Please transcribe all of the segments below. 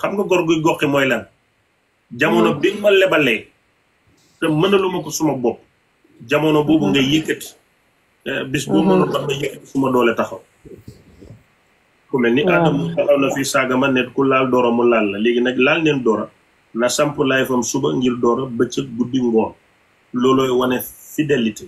xam nga gor guy goxi mooy lan jamono mm. bi ma lebalee te mënaluma ko suma bopp jamono boobu nga yëkkati eh, bis boo mm-hmm. mënoon tax nga yëkkati suma doole taxaw ku mel ni aadama taxaw na fii saaga ma net ku laal doora mu laal la léegi nag laal neen doora na samp laay fam suba ngir doora bëccëg guddi ngoon loolooy wane fidélité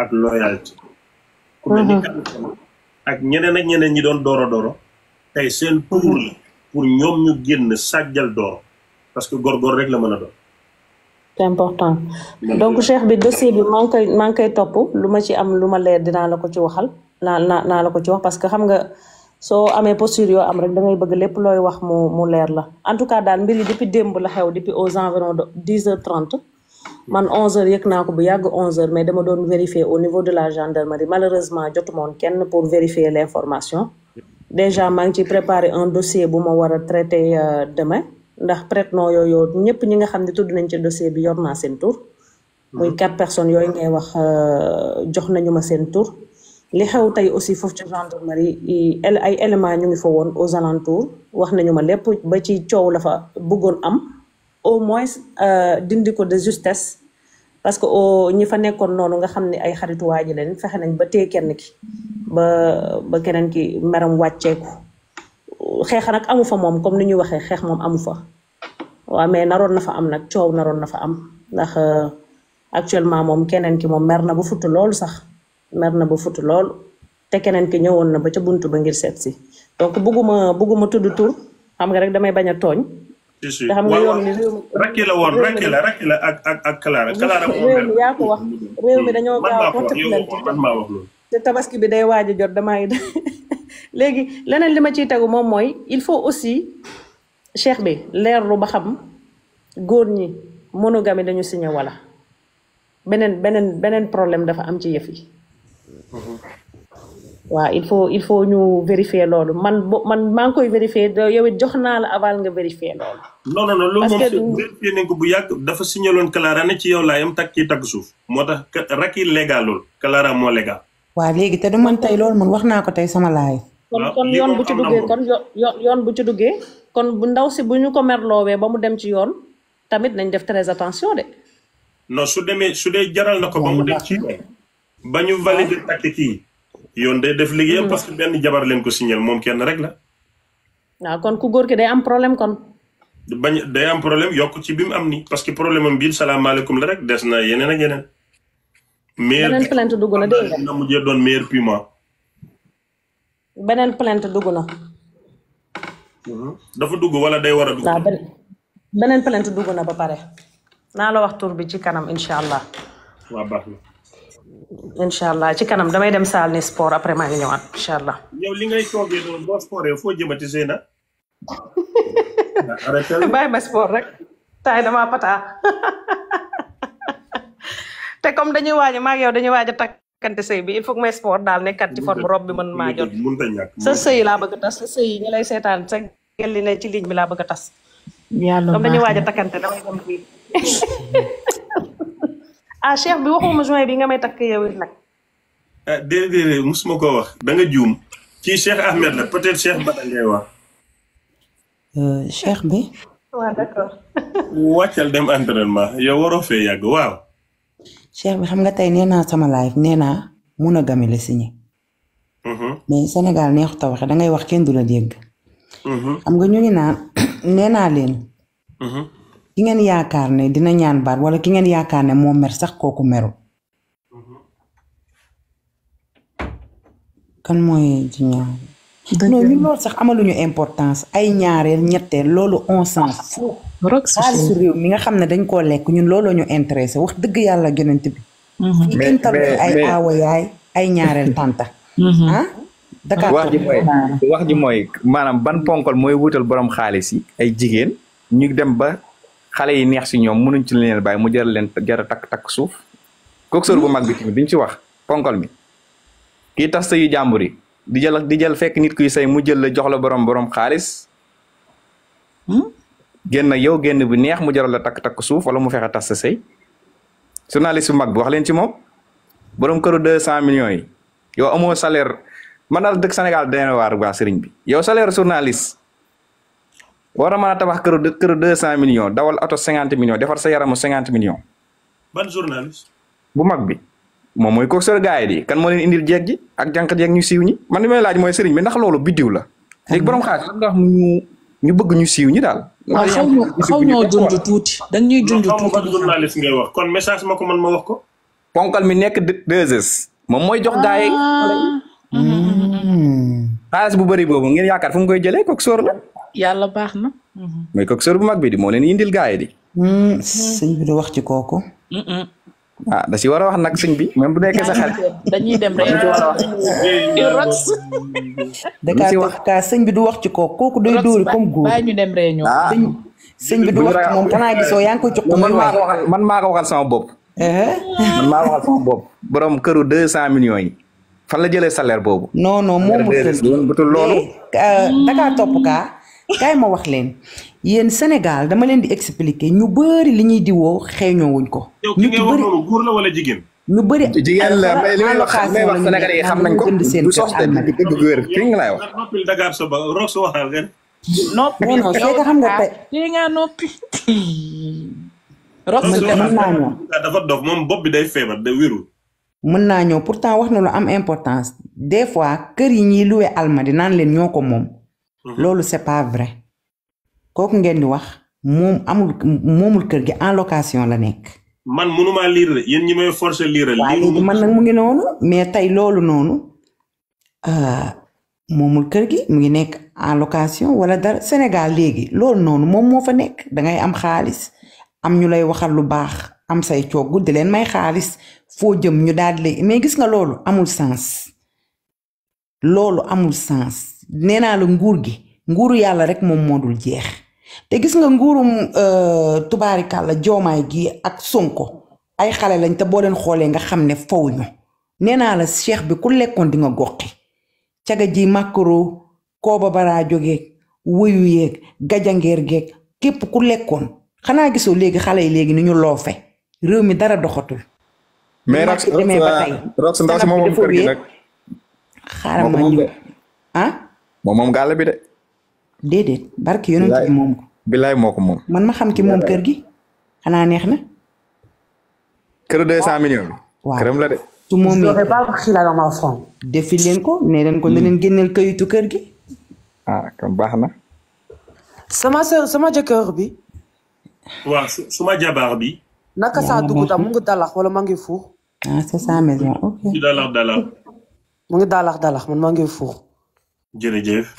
ak loyauté ku mel mm-hmm. ak ñeneen ak ñeneen ñi doon dooro dooro tey seen tuur la pour ñoom ñu génn sàjjal door parce que gor-gor rek la mën a doon. c'est important donc cheikh bi dossier bi maa ngi koy maa ngi koy topp lu ma ci am lu ma leer dinaa la ko ci waxal naa naa la ko ci wax parce que xam nga soo amee posture yoo am rek da ngay bëgg lépp looy wax mu mu leer la en tout cas daal mbir yi depuis démb la xew depuis aux environs de 10 heures 30 man 11 heures yëg naa ko bu yàgg 11 heures mais dama doon vérifier au niveau de la gendarmerie malheureusement jotu moon kenn pour vérifier l'information déjà maa ngi ci préparer un dossier bu ma war a traiter euh, demain ndax prête-nom yooyu ñëpp ñi nga xam ne tudd nañ ci dossier bi yor naa seen tur. muy mhm. quatre personnes yooyu ngay wax euh, jox nañu ma seen tur. li xew tey aussi foofu ci gendarmerie ay éléments ñu ngi fa woon aux alentours wax nañu ma lépp ba ci coow la fa bëggoon am au moins euh, dindi ko de justesse. parce que ñi fa nekkoon noonu nga xam ne ay xaritu waa ji leen fexe nañ ba te kenn ki ba ba keneen ki meram wàcceeku xeex nag amu fa moom comme ni ñuy waxee xeex moom amu fa waaw mais naroon na fa am nag coow naroon na fa am ndax euh, actuellement moom keneen ki moom mer na ba futt lool sax mer na ba futt lool te keneen ki ñëwoon na ba ca buntu ba ngir seet si donc bugguma bugguma tudd tur xam nga rek damay bañ a tooñ si si waaw rakki la woon rakki la rakki la ak Clara. Clara moom ko wax réew mi dañoo gaaw a man maa wax loolu. te tabaski bi day waaj a jot damay léegi leneen li ma ciy tegu moom mooy il faut aussi cheikh bi leerlu ba xam góor ñi mi dañu si wala beneen beneen beneen problème dafa am ci yëf yi. Mm-hmm. waaw il faut il faut ñu vérifier loolu man man maa ngi koy vérifier yow jox naa la aval nga vérifier loolu. non non non loolu moom vérifié bu yàgg dafa signaloon Clara ne ci yow laa yem takk ci takk suuf moo tax Racky légalul Clara moo légal. waaw léegi te du man tey loolu man wax naa ko tey sama laay. kon yoon bu ci duggee kon yoon bu ci duggee kon bu ndaw si bu ñu ko merloowee ba mu dem ci yoon tamit nañ def très attention de. non su demee su dee jaral na ko ba mu dem ci ba ñu valider takk kii. yoon day def liggéeyam hmm. parce que benn jabar leen ko signal moom kenn rek la. waaw kon ku góor ki day am problème kon. bañ day am problème yokk ci bi mu am ni parce que problème am biir salaamaaleykum la rek des na yeneen ak yeneen. beneen plainte dugg na dégg nga na mujjee doon maire piment. beneen plainte dugg na. Mhm. dafa dugg wala day war a dugg. waaw beneen plainte dugg na ba pare. naa la wax tour bi ci kanam incha allah. waa baax na inshallah ci kanam damay dem sal ni sport après ma ngi ñëwaat inshallah yow li ngay toogee do boo sport yow foo jëmati Zeyna. bàyyi ma sport rek tay dama pata té comme dañuy ma ak yow dañuy waji tak takkante sey bi il faut que mes sport dal nekkat ci forme rob bi man ma jot. sa sey la bëgg tass sa sey ñi lay seetaan sa gelli ne ci ligne bi la bëgg tass tas. dañuy waji a damay dem fii. ah cheikh bi waxuma juin bi nga may takk yow it nag. Eh, déedéet musuma koo wax da nga juum kii cheikh Ahmed la peut-être cheikh Bada wax. Euh, cheikh bi. xam nga tey nee naa sama live nee naa mun a gamele si ñi. mais Sénégal neexut a waxe ngay wax kenn du la dégg. Mm-hmm. xam nga ñu ngi naan nee leen. Mm-hmm. ki ngeen yaakaar ne dina ñaan baat wala ki ngeen yaakaar ne moo mer sax kooku meru kan mooy ci ñaar non ñu loolu sax amaluñu importance ay ñaareel ñetteel loolu on s'en fout xaalisu réew mi nga xam ne dañ koo lekk ñun looloo ñu intéressé wax dëgg yàlla yonent bi mhm. fii kenn ay aawa yaay ay ñaareel tanta mhm. ah Dakar wax ji mooy wax ji mooy maanaam ban ponkol mooy wutal borom xaalis yi ay jigéen ñu dem ba xalé yi neex ci ñom mënuñ ci leen bay mu jël leen jara tak tak suuf kooku sor bu mag bi tamit duñ ci wax ponkal mi ki tas sayu jamburi di jël di jël fekk nit kuy say mu jël la jox la borom borom hmm genn yow genn bu neex mu jaral la tak tak suuf wala mu fexe tas sa say journaliste bu mag bi wax leen ci mom borom këru 200 millions yi yow amoo salaire man daal dëkk Sénégal dana waar waa bi yow salaire journaliste wara mana tabax keur de keur 200 millions dawal auto 50 millions defar sa yaramu 50 millions. ban journaliste. bu mag bi moom moy ko sër gaay di kan mo len indil jeeg ji ak jankat yak ñu siiw ñi man li laaj moy serigne bi ndax lolu bidiw la. léegi borom xaar lan nga wax ñu ñu bëgg ñu siiw ñi dal xaw ñoo xaw ñoo junj tuuti dañ ñuy jundu tuti ban journaliste ngay wax kon message mako man ma wax ko. ponkal mi nek deux heures moom moy jox gaay ah. yi. Hmm. xaalis bu bari bobu ngeen yaakar fu ngoy jele jëlee sor la yalla baxna na. Mhm. ko cox bu mag bi di mo len indil gaay yi di. sëñ bi do wax ci kooku. ah da ci wara wax nak sëñ bi même bu nek sa xal dañuy dem rek ci wara wax rox da ka wax. ka sëñ bi du wax ci koko koku mhm. ah, doy doori comme goor bàyyi ñu dem reñu ah. ñoom. bi du wax mom moom xanaa gisoo yang ko ci ko man mako waxal man mako waxal sama bop eh man mako waxal sama bop borom keuru 200 millions fa la jëlee salaire bobu non non moomu sëñ bi bu lolu eh, euh, da ka top ka kaay ma wax leen yéen Sénégal dama leen di expliquer ñu bëri li ñuy diwoo xeeñoowuñ ko. ñu bëri góor la wala jigéen. ñu bëri jigéen xam nañ ko du soxte dëgg dëgg wér fi nga laay wax. noppil Dakar xam nga tey. lii nga noppi. roog sa mën naa ñëw. bi day feebar day mën naa ñëw pourtant wax na lu am importance des fois kër yi ñuy loué almadi naan leen ñoo ko moom Mmh. loolu c'est pas vrai kooku ngeen di wax moom amul moomul kër gi en location la nekk. man mënumaa lire la yéen ñi la. mu ngi noonu mais tey loolu noonu euh, moomul kër gi mu ngi nekk en location wala dara Sénégal léegi loolu noonu moom moo fa nekk da ngay am xaalis am ñu lay waxal lu baax am say coog di leen may xaalis foo jëm ñu daal di mais gis nga loolu amul sens loolu amul sens. nee naa la nguur gi nguuru yàlla rek moom moo dul jeex te gis nga nguurum euh, tubaarikàlla joomaay gi ak Sonko ay xale lañ te boo leen xoolee nga xam ne faw ñu nee naa la cheikh bi ku lekkoon di nga goqi caga ji màkkaro kooba baraa jógeeg wuyu yeeg gajangeer geeg képp ku lekkoon xanaa gisoo léegi xale yi léegi ni ñu loofe réew mi dara doxatul mais rox ndaw si moom moom kër gi nag xaaral mom mom gàll bi de. dede barki yonent bi mom billahi moko mom man ma xam ki mom keur gi. xana neex na. keur 200 millions bi. waaw këram la de. su moom it defi leen ko ne len ko ne gennel génneel kayitu gi. ah kam baxna sama sama soeur sama jëkkër bi. wa sama jabar bi. naka sa dugu ta mu ngi dalax wala maa ngi ah c'est sa maison ok. mu dalax dalax. mu ngi dalax dalax man maa ngi jërëjëf.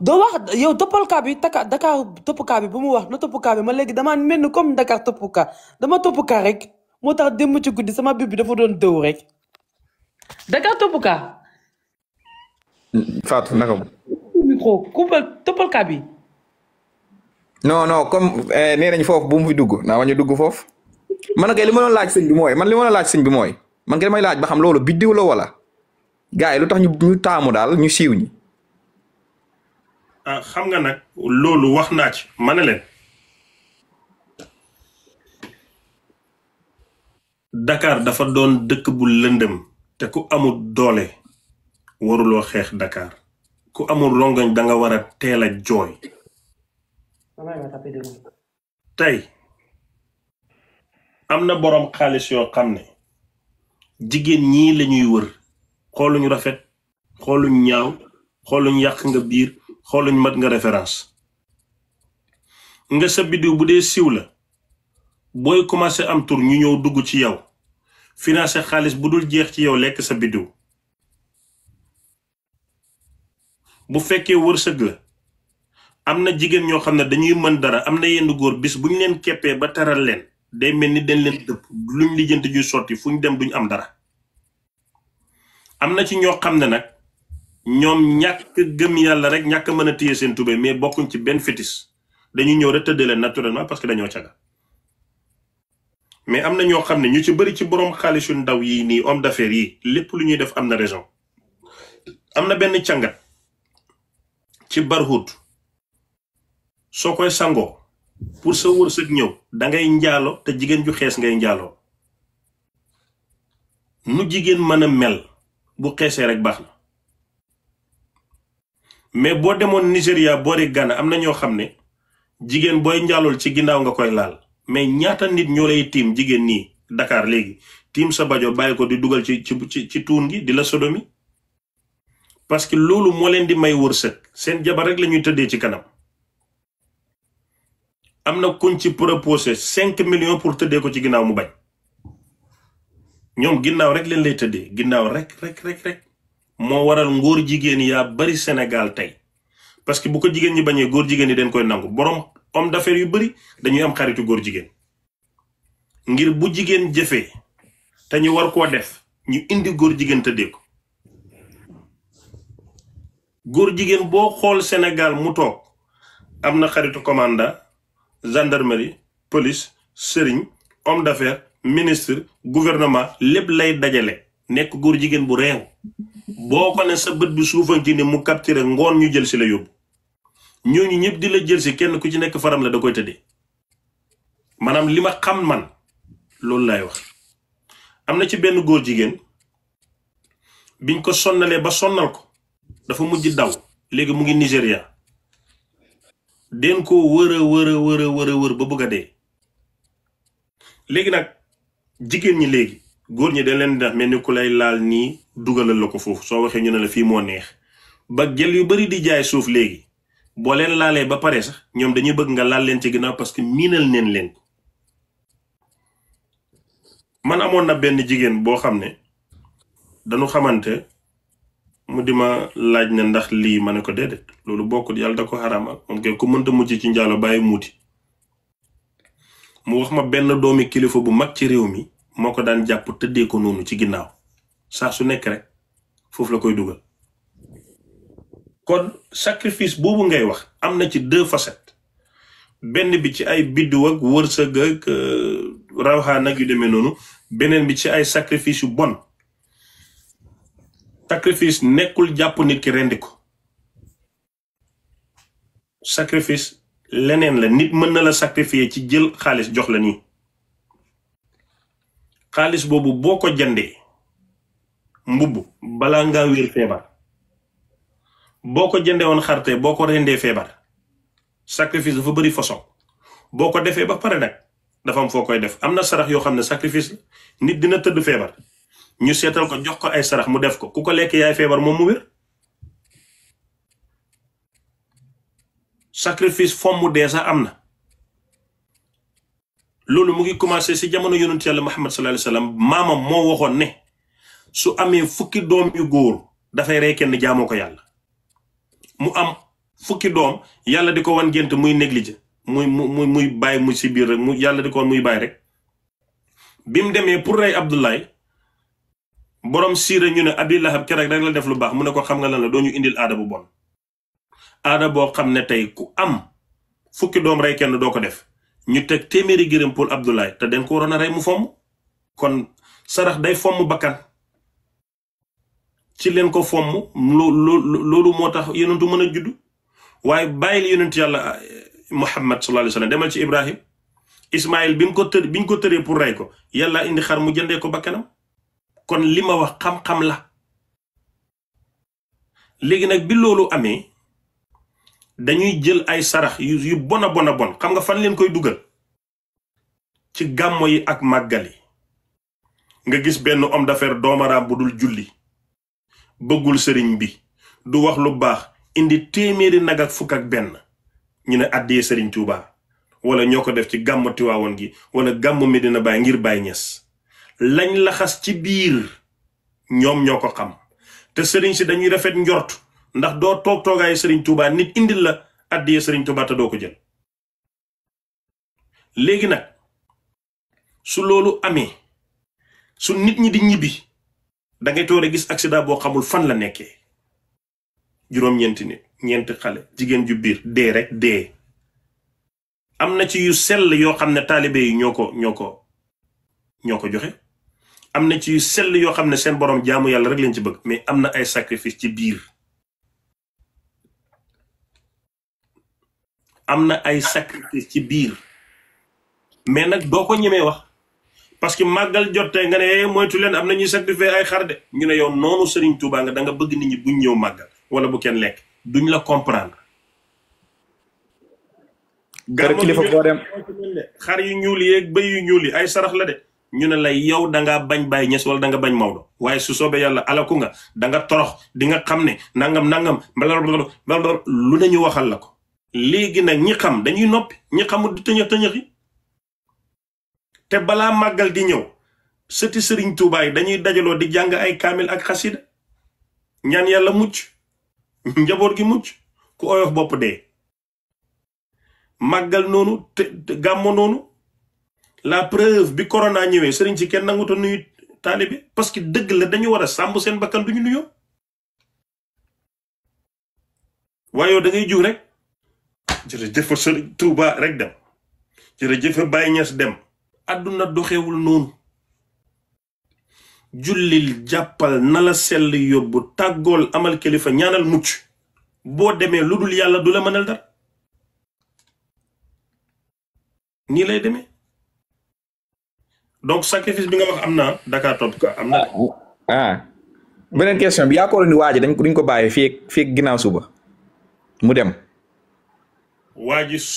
doo wax yow toppalkaa bi taka Dakar bi bu mu wax na toppkaa bi ma léegi damaa mel ni comme Dakar toppkaa dama toppkaa rek moo tax démb ci guddi sama biir bi dafa doon dëw rek Dakar toppkaa. Fatou naka mu. micro kubal toppalkaa bi. non non comme eh, nee nañ foofu bu mu fi dugg naa wañu dugg foofu man kay li ma doon laaj sëñ bi mooy man li ma doon laaj sëñ bi mooy man kay may laaj ba xam loolo biddiw la wala gars yi lu tax ñu taamu daal ñu siiw ñi. Euh, xam nga nag loolu wax naa ci ma ne leen Dakar dafa doon dëkk bu lëndëm te ku amul doole waruloo xeex Dakar ku amul rongañ danga war a teel a jooy tey am na boroom xaalis yoo xam ne jigéen ñii lañuy wër ñu rafet xooluñ ñaaw xooluñ yàq nga biir xooluñ mat nga référence nga sa biddiw bu dee siiw la booy commencé am tour ñu ñëw dugg ci yow financé xaalis bu dul jeex ci yow lekk sa biddiw bu fekkee wërsëg la am na jigéen ñoo xam ne dañuy mën dara am na yenn bis bu leen keppee ba taral leen day mel ni dañ leen dëpp luñ lijjanti juy sotti fu dem duñ am dara Amna na ci ñoo xam ne ñoom ñàkk gëm yàlla rek ñàkk mën a téye seen tubéy mais bokkuñ ci benn fétis dañuy ñëw rek tëddee leen naturellement parce que dañoo caga mais am na ñoo xam ne ñu ci bëri ci borom xaalisu ndaw yi nii om de d'affaires yi lépp lu ñuy def am na raison am na benn càngat ci barhut soo koy sangoo pour sa wërsëg ñëw da ngay njaalo te jigéen ju xees ngay njaaloo nu jigéen mën a mel bu xeesee rek baax na mais boo demoon Nigéria boori Ghana am na ñoo xam ne jigéen booy njaalool ci ginnaaw nga koy laal mais ñaata nit ñoo lay tiim jigéen nii dakaar léegi tiim sa bajo bàyyi ko di dugal ci ci ci tuun gi di la sodomi parce que loolu moo leen di may wërsëg seen jabar rek la ñuy tëddee ci kanam am na kuñ ci proposé cinq million pour tëddee ko ci ginnaaw mu bañ ñoom ginnaaw rek leen lay tëddee ginnaaw rek rek rek rek moo waral ngóor jigéen yaa bari Sénégal tey parce que bu ko jigéen ñi bañee góor jigéen yi dañ koy nangu borom homme d'affaires yu bari dañuy am xaritu góor jigéen ngir bu jigéen jëfee te ñu war koo def ñu indi góor jigéen tëddee ko góor jigéen boo xool Sénégal mu toog am na xaritu commandant gendarmerie police sëriñ homme d'affaires ministre gouvernement lépp lay dajale nekk góor jigéen bu réew boo ko ne sa bët bi suufan ci ne mu capturé ngoon ñu jël si la yóbbu ñooñu ñëpp di la jël si kenn ku ci nekk faram la da koy tëddee maanaam li ma xam man loolu laay wax am na ci benn góor jigéen biñ ko sonnalee ba sonnal ko dafa mujj daw léegi mu ngi Nigéria den ko wër wër a wër wër a wër ba bëgg a dee léegi nag jigéen ñi léegi góor ñi dañ leen di mel ni ku lay laal nii dugalal la ko foofu soo waxee ñu ne la fii moo neex ba gel yu bari di jaay suuf léegi boo leen laalee ba pare sax ñoom dañuy bëgg nga laal leen ci ginnaaw parce que miinal neen leen ko man amoon na benn jigéen boo xam ne dañu xamante mu di ma laaj ne ndax lii ma ne ko de loolu bokkul yàlla da ko xaraamal moom kay ku mënta mucc ci njaalo bàyyi muuti mu wax ma benn doomi kilifa bu mag ci réew mi moo ko daan jàpp tëddee ko noonu ci ginnaaw saa su nekk rek foofu la koy kon sacrifice boobu ngay wax am na ci deux facettes benn bi ci ay biddu ak wërsëg ak euh, rawha ak yu demee noonu beneen bi ci ay sacrifice yu bon sacrifice nekkul jàpp nit ki rendi ko sacrifice leneen la nit mën na la sacrifier ci jël xaalis jox la nii xaalis boobu boo ko jëndee mbubb balaa ngaa wér feebar boo ko jëndee woon xarte boo ko rendee feebar sacrifice dafa bëri façon boo ko defee ba pare nag dafa foo koy def am na sarax yoo xam ne sacrifice nit dina tëdd feebar ñu seetal ko jox ko ay sarax mu def ko ku ko lekk yaay feebar moom mu wér sacrifice fomm mu dee sax am na loolu mu ngi commencé si jamono yonent yàlla Muhammad sallallahu alayhi maamam moo waxoon ne su amee fukki doom yu góor dafay rey kenn jaamoo ko yàlla mu am fukki doom yàlla di ko wan gént muy négligé muy muy muy bàyyi mu si biir rek mu yàlla di ko muy bàyyi rek bi mu demee pour rey Abdoulaye borom siire ñu ne Abi Lahab keroog rek la def lu baax mu ne ko xam nga lan la doo ñu indil aada bu bon aada boo xam ne tey ku am fukki doom rey kenn doo ko def ñu teg téeméeri gërëm pour Abdoulaye te den ko waroon a rey mu fomm kon sarax day fomm bakkan ci len ko fomm lolu motax tax yonentu mën a juddu waaye bàyyil yonent eh, Muhammad sallallahu Alaihi Wasallam demal ci Ibrahim Ismail bim ko teur puraiko ko teure pour ray ko yalla indi xar mu jende ko bakkanam kon lima wax xam-xam la léegi nak bi lolu amé dañuy jël ay sarax yu yu bona bon xam nga fan len koy duggal ci gamoy ak magali, nga gis ben homme d'affaires doomaraam budul julli bëggul sëriñ bi du wax lu baax indi téeméeri nag ak fukk ak benn ñu ne àddee sëriñ tuuba wala ñoo ko def ci gàmmu Tiwaawoon gi wala gàmmu Medina Baay ngir Baay Ñas lañ laxas ci biir ñoom ñoo ko xam te sëriñ si dañuy rafet njort ndax doo toog toogaayu sëriñ Touba nit indil la àddee sëriñ Touba te doo ko jël léegi nag su loolu amee su nit ñi di ñibbi dangay ngay toore gis accident boo xamul fan la nekkee juróom-ñeenti nit ñeenti xale jigéen ju biir dee rek dee am na ci yu sell yoo xam ne taalibe yi ñoo ko ñoo ko ñoo ko joxe am na ci yu sell yoo xam ne seen borom jaamu yàlla rek lañ ci bëgg mais am na ay sacrifice ci biir am na ay sacrifice ci biir mais nag doo ko ñemee wax parce que màggal jot tey nga ne eh, moytu leen am na ñuy sacrifier ay xar de ñu ne yow noonu Serigne Touba nga da nga bëgg nit ñi buñ ñëw màggal wala bu kenn lekk duñ la comprendre. kër kilifa xar yu ñuul yeeg bëy ñuul yi ay sarax la de. ñu ne la yow da ngaa bañ Baye Niass wala da nga bañ Maodo waaye su soobee yàlla alaku nga danga nga torox di nga xam ne nangam nangam lu ne ñu waxal la ko. léegi nag ñi xam dañuy noppi ñi xamul du tëñëx tëñëxi te bala magal di ñëw sëti serigne touba yi dañuy dajalo di jang ay kamil ak xasida ñaan yalla mucc njabor gi mucc ku oyof bop de magal nonu te gamo nonu la preuve bi corona ñewé serigne ci kenn nanguta nuyu taalibe parce que deug la dañu wara sambu sen bakkan duñu nuyu wayo da ngay juw rek serigne touba rek dem baye ñess dem àdduna doxewul noonu jullil jàppal na la sell yóbbu tàggool amal kilifa ñaanal mucc boo demee lu dul yàlla du la mënal dara nii lay demee donc sacrifice bi nga wax am na Dakar Top ka am na. Ah, ah beneen question bi yaakaaroon ni waa ji dañ ko duñ ko bàyyi feek fii ginnaaw suba mu dem. waa